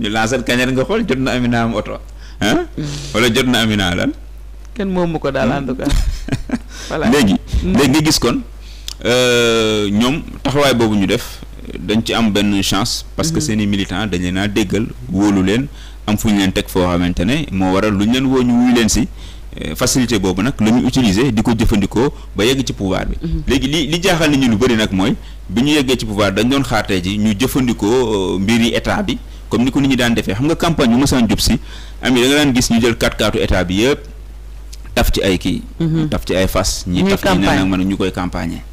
ñu lancer kañar nga xool jot na Amina am oto ah wala jot na Amina lan. kenn moomu ko daal en léegi mm. léegi nga gis kon euh, ñoom taxawaay boobu ñu def dañ ci am benn chance. parce que mm-hmm. seen i militants dañ leen déggal wóolu leen am fu ñu leen teg foo xamante ne moo waral lu ñu leen woo ñu wuyu leen si. Euh, facilité boobu nag la ñu utiliser di ko jëfandikoo ba yegg ci pouvoir bi. Mm-hmm. léegi li li jaaxal ni ñu lu bëri nag mooy bi ñu yeggee ci pouvoir dañu doon xaar tey ñu jëfandikoo euh, mbiri état bi. comme ni ko nit ñi daan defee xam nga campagne yu mësaan jub si am daan gis ñu jël kat kaatu état bi yëpp taf ci ay kii mhm. taf ci ay fas ñi taf ñi nag man ñu koy campagne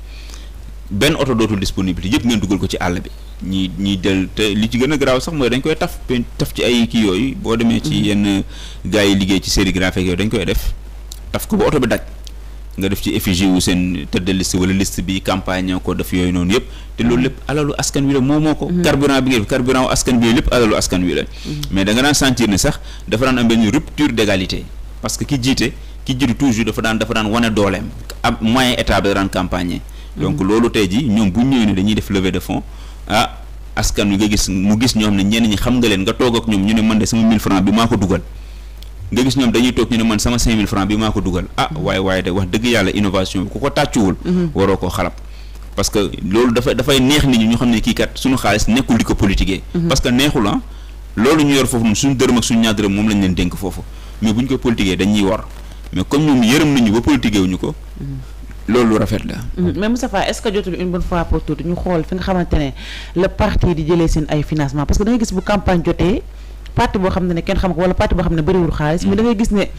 benn oto dootul disponible yëpp ngeen dugal ko ci àll bi ñi ñiy del te li ci gën a garaaw sax mooy dañ koy taf taf ci ay kii yooyu boo demee ci mhm. yenn gars yi liggéey ci sérigraphie yooyu dañ koy def taf ko ba oto bi daj nga def ci effigie wu seen tête de liste wala bi campagne ko def yooyu noonu yëpp te loolu lépp alalu askan wi la moo moo ko mm-hmm. carburant bi nga def carburant wu askan bi lépp alalu askan wi la mm-hmm. mais da nga daan sentir ne sax dafa daan am benn rupture d'égalité parce que ki jiite ki jiitu toujours dafa daan wane dooleem ab moyen état bi daan campagne mm-hmm. donc loolu tey ji ñoom bu ñëwee ne dañuy def levée de fonds ah askan wi nga gis mu gis ñoom xam nga leen toog ak ñu ne man nga gis ñoom dañuy toog ñu ne man sama 5000 francs bi maa ko dugal ah waaye mm-hmm. waaye de wax dëgg yàlla innovation bi ku ko tàccuwul mm-hmm. waroo koo xalab parce loolu dafa dafay neex nit ñi ñu xam ne kii kat suñu xaalis nekkul di ko politiquer mm-hmm. parce que ah, loolu ñu yor foofu noonu suñu dërëm ak suñu ñaar dërëm moom lañ leen dénk foofu mais bu ñu ko politiquer dañuy war mais comme ñoom yërëm nañu ba politiquer wuñu ko loolu rafet la. mais Moustapha est-ce que parti boo xam ne ne kenn xam ko wala parti boo xam ne bëriwul xaalis mais da ngay gis ne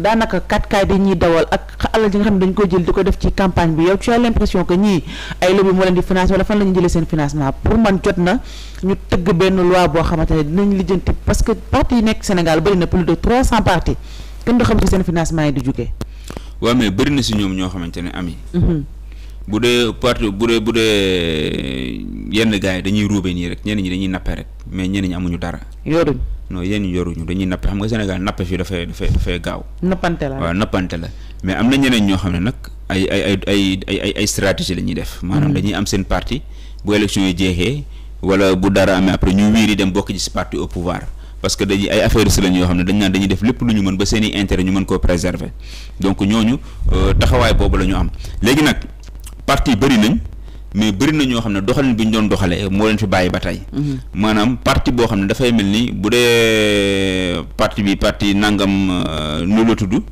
daanaka katkaay dañuy dawal ak alal ji nga xam ne dañ koy jël di ko def ci campagne bi yow tu as l'impression que ñii ay lobby moo leen di finance wala fan la ñu seen financement pour man jot na ñu tëgg benn loi boo xamante ne dinañ lijjanti parce que parti yi nekk Sénégal bëri na plus de 300 partis kenn du xam seen financement yi di jugee waaw mais bëri na si ñoom ñoo xamante ne ami mm-hmm. bu dee parti bu dee bu dee yenn gaay yi dañuy ruube nii rek ñenn ñi dañuy nappee rek mais ñenn ñi amuñu dara yooruñ non yéen yoruñu dañuy nappe xam nga Sénégal nappe fii dafay dafay dafay gaaw. nappante la mais am na ñeneen ñoo xam ne nag ay ay ay ay stratégie la ñuy def. maanaam mm-hmm. dañuy am seen parti bu élection yi jeexee wala bu dara amee après ñu wiiri dem bokk ci si parti au pouvoir. parce que dañuy ay affaires si lañ yoo xam ne dañ naan dañuy def lépp lu ñu mën ba seen i intérêt ñu mën koo préserver donc ñooñu euh, taxawaay boobu la ñu am léegi nag parti bëri nañ. mais bëri na ñoo xam ne doxalin bi ñu doon doxalee moo leen fi bàyyi ba tey. Mhm. maanaam parti boo xam ne dafay mel ni bu dee parti bi parti nangam euh, nu la tudd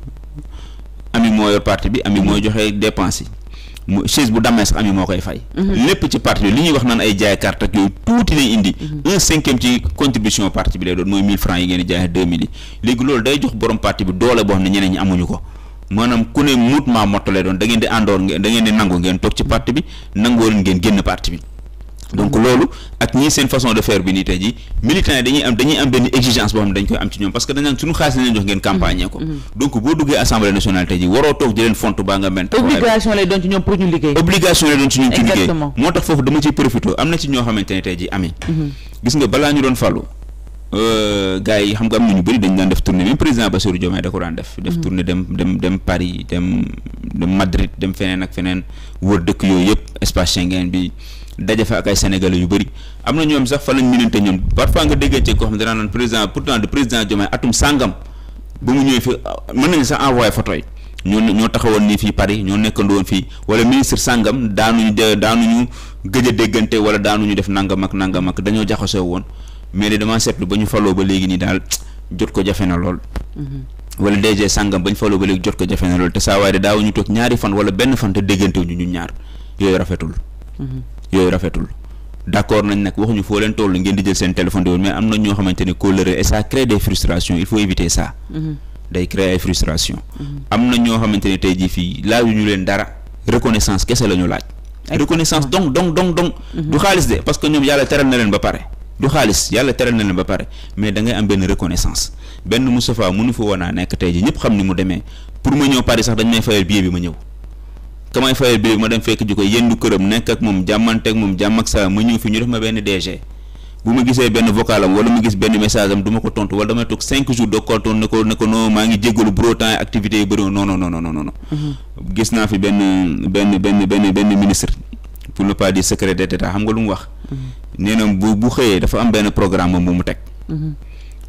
ami moo yor parti bi ami mooy mhm. joxe dépense yi. mu chaise bu damee sax ami moo koy fay. Mhm. lépp ci parti bi li ñuy wax naan ay jaay carte yooyu tuuti lay indi. un cinquième ci contribution parti bi lay doon mooy 1000 francs yi ngeen di jaayee 2000 léegi loolu day jox borom parti bi doole boo xam ne ñi amuñu ko. maanaam ku ne muut maa mottalee doon da ngeen di àndoor ngeen da ngeen di nangu ngeen toog ci parti bi nangoo leen génn parti bi donc loolu ak ñii seen façon de faire bi nii tey jii militants yi dañuy am dañuy am benn exigence boo xam ne dañ koy am ci ñoom parce que mm-hmm. Mm-hmm. obligation lay doon ci ñoom ñu liggéey obligation lay doon ci ñoom ci liggéey moo tax foofu dama ciy profité am na ci ñoo xamante ne tey jii amee mm-hmm. gis nga balaa ñu doon fàllu Euh, gars yi xam nga am na ñu bëri dañ daan def tournée même président Bassirou Diomaye da ko daan def. def mm-hmm. tournée dem dem dem Paris dem dem Madrid dem feneen ak feneen wër dëkk yooyu yëpp espace Schengen bi daje fa ak ay sénégalais yu bëri am na ñoom sax fa lañ mënante ñoom parfois nga déggee ci koo xam ne danaa naan président pourtant de président Diomaye ba mu ñëwee fi mën nañ sax envoyé photo yi. ñoo ñoo taxawoon nii fii Paris ñoo nekkandoo fii wala ministre sàngam daanuñu daanuñu gëj a déggante wala daanuñu def nangam ak nangam ak dañoo jaxasoo woon mais de dama seetlu ba ñu faloo ba léegi nii daal jot ko jafe na lool. Mm-hmm. wala DG sàngam ba ñu faloo ba léegi jot ko jafe na lool te saa waay de daaw ñu toog ñaari fan wala benn fan te ñu ñu ñaar yooyu rafetul. Mm-hmm. yooyu rafetul. d'accord nañ nag waxuñu foo leen toll ngeen di jël seen téléphone di woon mais am na ñoo xamante ne colère et ça crée des frustrations il faut éviter ça. Mm-hmm. day créer ay frustration am na ñoo xamante ne tey jii fii laajuñu leen dara reconnaissance kese la ñu laaj. reconnaissance dong dong dong dong. du xaalis de parce que ñoom yàlla teral na leen ba pare. du xaalis yàlla teral na leen ba pare mais da ngay am benn reconnaissance benn Moustapha mënu fa woon a nekk tey ji ñëpp xam ni mu demee pour ma ñëw Paris sax dañ may fayal billet bi ma ñëw ka may fayal billet bi ma dem fekk ji ko yendu këram nekk ak moom jàmmante ak moom jàmm ak saa ma ñëw fi ñu def ma benn DG bu ma gisee benn vocal am wala ma gis benn message am du ko tontu wala damay toog cinq jours de colton ne ko maa ngi jéggalu bro temps activités yu bëri non non non mm-hmm. gis naa fi benn benn benn benn benn ministre pour ne pas dire secrétaire d'État xam lu mu wax. nee na bu bu xëyee dafa am benn programme moom bu mu teg.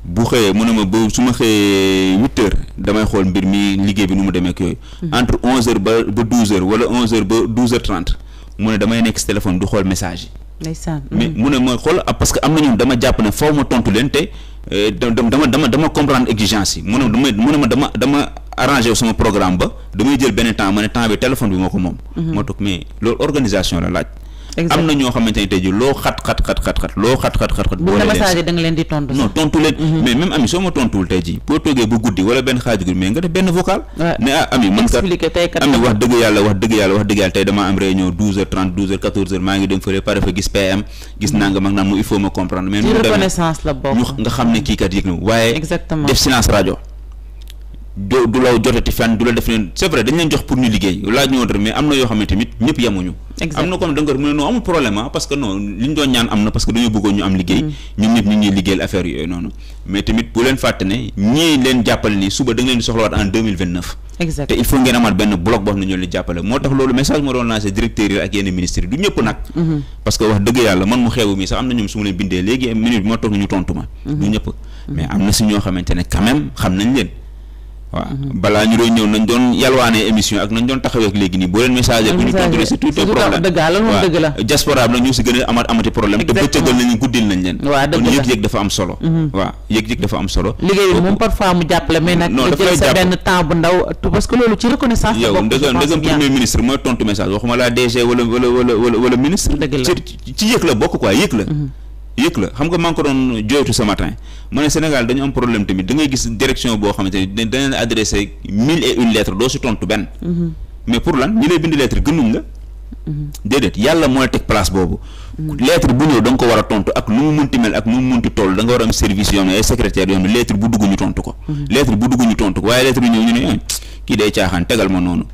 bu xëyee mu ne ma ba su ma xëyee huit heures damay xool mbir mi liggéey bi nu mu demee ak yooyu. Mm-hmm. entre onze heures ba ba douze heures wala onze heures ba douze heures trente mu ne damay nekk si téléphone du xool message yi. mais mm-hmm. mu ne ma xool ah, parce que am na dama jàpp ne faw ma tontu leen te eh, dama dama dama comprendre exigence yi mu ne ma mu ma dama dama arrangé sama programme ba damay jël benn temps ma ne temps bi téléphone bi moo ko moom. Mm-hmm. moo tax mais loolu organisation la laaj. am na ñoo xam ne tey jii loo xat xat xat xat xat loo xat xat xat xat boo leen da leen di tontu non tontu leen mhm. mais même ami soo ma tontuwul tey jii boo toogee bu guddi wala benn xaaju guddi mais nga def benn vocal ne ah ami man kat ami wax dëgg yàlla wax dëgg yàlla wax dëgg yàlla tey damaa am réunion douze heures trente douze heures quatorze heures maa ngi dem fële pare fa gis PM gis mhm. naa nga mag naa mu il faut ma comprendre mais reconnaissance nga xam ne kii kat yëg na waaye def silence do du la jotati fenn du la def leen c'est vrai dañ leen jox pour ñu liggéey laaj ñu woon mais am na yoo xamante tamit ñëpp yemuñu am na comme da nga ko mu ne non amul problème ah parce que non mm. mais ne ñii en mm-hmm. am na ñoom su leen bindee léegi minute moo toog ñu tontu ma mm-hmm. du mm-hmm. mais am na si ñoo xamante ne quand même xam nañ leen waaw balaa ñu doon ñëw nañ doon yalwaanee émission ak nañ doon taxawee ak léegi nii boo leen message bu ñu tontu c'est tout un problème waaw diaspora bi nag ñu si gën a amaat amati problème te bëccëgal nañu guddil nañ leen kon yëg-yëg dafa am solo mhm. waaw am premier ministre mooy tontu message waxuma laa DG wala wala wala wala ministre ci yëg la bokk quoi yëg la mhm. yëg la xam nga maa ngi ko doon jooytu ce matin ma ne Sénégal dañu am problème tamit da ngay gis direction boo xamante ne dañ leen adressé mille et une lettres doo si tontu benn. Mhm. mais pour lan ñi lay bind lettre gënuñ la. Mhm. déedéet yàlla mooy teg place boobu. Mhm. lettre bu ñëw da ko war a tontu ak lu mu munti mel ak lu mu munti toll da nga war a am service yoo ne ay secrétaire yoo xam ne lettre bu dugg ñu tontu ko. lettre bu dugg ñu tontu ko waaye lettre bu ñëw ñu ne eh, kii day caaxaan tegal ma noonu.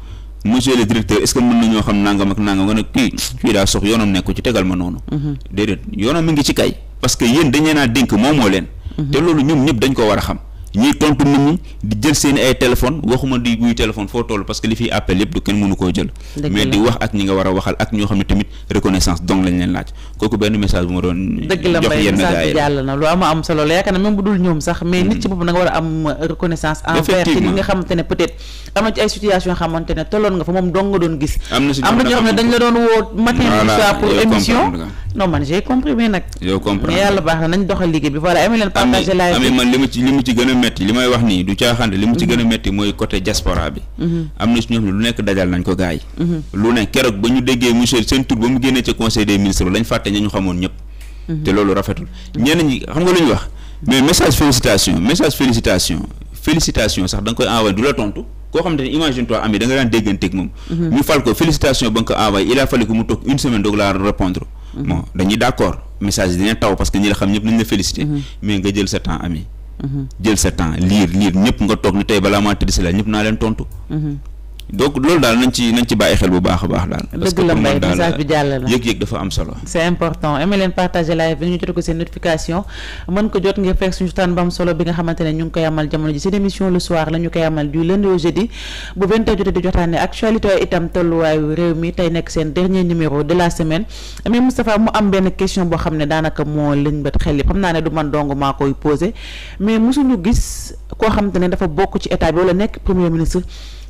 monsieur le directeur est-ce que mën nañoo xam nangam ak nangam nga ne kii kii daa sox yoonam nekku ci tegal ma noonu mhm. déedéet yoonam mi ngi ci kay parce que yéen dañee naa dénk moomoo leen mhm. te loolu ñoom ñëpp dañ ko war a xam ñuy tontu nit ñi di jël seen ay téléphone waxuma di guy téléphone foo toll parce que li fiy appel yëpp du kenn mënu koo jël mais di wax ak ñi nga war a waxal ak ñoo xam ne tamit reconnaissance donc lañ leen laaj kooku benn message bu ma doon dëgg la mbay message bi lu am am solo la yaakaar na même bu dul ñoom sax mais nit ci hmm. boppam da nga war a am reconnaissance envers ci li nga xamante ne peut-être am na ci ay situation xamante ne tolloon nga fa moom dong nga doon gis am na ñoo xam ne dañ la non man j'ai comprimé nag. yow comprendre mais yàlla baax na nañ doxal liggéey bi voilà amuñu leen partagé la ami man li mu ci li mu ci gën a métti li may wax nii du caaxaan li mu ci mhm. gën a métti mooy côté diaspora bi. Mhm. am na si ñoom lu nekk dajal nañ ko gars yi. Mhm. lu ne keroog ba ñu déggee monsieur seen tur ba mu génnee ci conseil des ministres lañ fàtte ñu xam nga lu ñu wax. mais message félicitation message félicitation félicitation sax da nga koy koo xamante ne a fallu que mu toog une semaine Mhm. bon dañuy d' accord message dina taw parce que ñi la xam ñëpp nañ la félicité mhm. mais nga jël sa temps ami mhm. jël sa temps lire lire ñëpp nga toog ni tey balaa maa tëdd si la ñëpp naa leen tontu donc loolu daal nañ ci nañ ci bàyyi xel bu baax a baax daal. dëgg la mbay message bi jàll la yëg-yëg dafa am solo. c'est important aimé leen partager live bi ñu jot ko seen notification mën ko jot ngir fekk suñu taan bu am solo bi nga xamante ne ñu ngi koy amal jamono ji seen émission le soir la ñu koy amal du lundi au jeudi bu 20h jotee di jotaane actualité itam tolluwaayu réew mi tey nekk seen dernier numéro de la semaine mais Moustapha mu am boo xam ne daanaka moo lañ yi xam naa ne du man dong maa koy posé mais mosuñu gis koo xamante ne dafa bokk ci état bi nekk premier ministre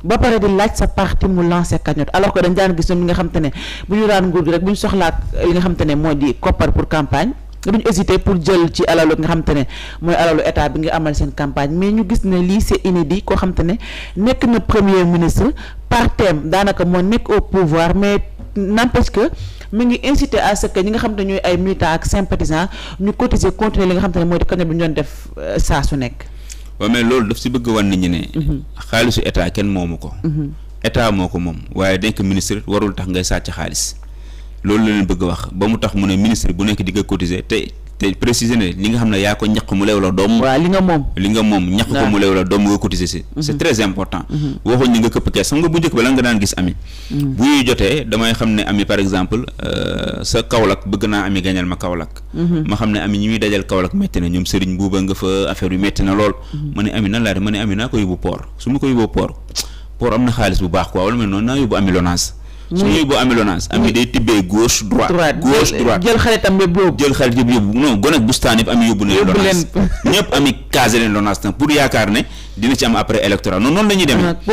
ba pare di laaj sa parti mu lancé cagnotte alors que dañ daan gis ñoom ñi nga xam ne bu ñu daan nguur gi rek bu ñu soxlaa li nga xam ne moo di koppar pour campagne duñu pour jël ci alalu nga xam ne mooy alalu état bi nga amal seen campagne mais ñu gis ne lii c'est inédit koo xam te ne nekk na premier ministre par thème daanaka moo nekk au pouvoir mais n'empêche que mu ngi incité à ce que ñi nga xam te ñooy ay militants ak sympathisants ñu cotiser continuer li nga xam te ne mooy di cagnotte bi ñu doon def euh, saa su nekk waa mais loolu daf si bëgg wan nit ñi ne. Mhm. xaalisu état kenn moomu ko. Mhm. état moo ko moom waaye nekk ministre warul tax ngay sàcc xaalis loolu la leen bëgg wax ba mu tax mu ne ministre bu nekk di nga cotiser tey te préciser ne li nga xam ne yaa ko ñaq mu lew la doom. waaw li nga moom li nga moom ñaq ko mu lew la doom nga cotiser si. Mhm. c'est très important. Mhm. waxuñ ni nga këpp kees mhm. euh, sa Kaolack bëgg naa ami gañal ma Kaolack. ma xam ne ami ñi muy dajal Kaolack métti na ñoom Serigne Bouba nga fa affaire yu métti na lool. ma ne ami nan laa de ma ne ami naa ko yóbbu port su ma ko yóbbu port port am na xaalis bu baax quoi wala ma ne noonu naa yóbbu ami lonage su ñëwee boo amee lonance ami day tibbee gauche droite gauche droite jël xaritam yëpp yóbbu jël xarit yëpp yóbbu non gone ak bustaan yëpp ami yóbbu leen lonance ñëpp ami casé leen lonance nag pour yaakaar ne dina ci am après électoral no noonu la ñuy demee ah,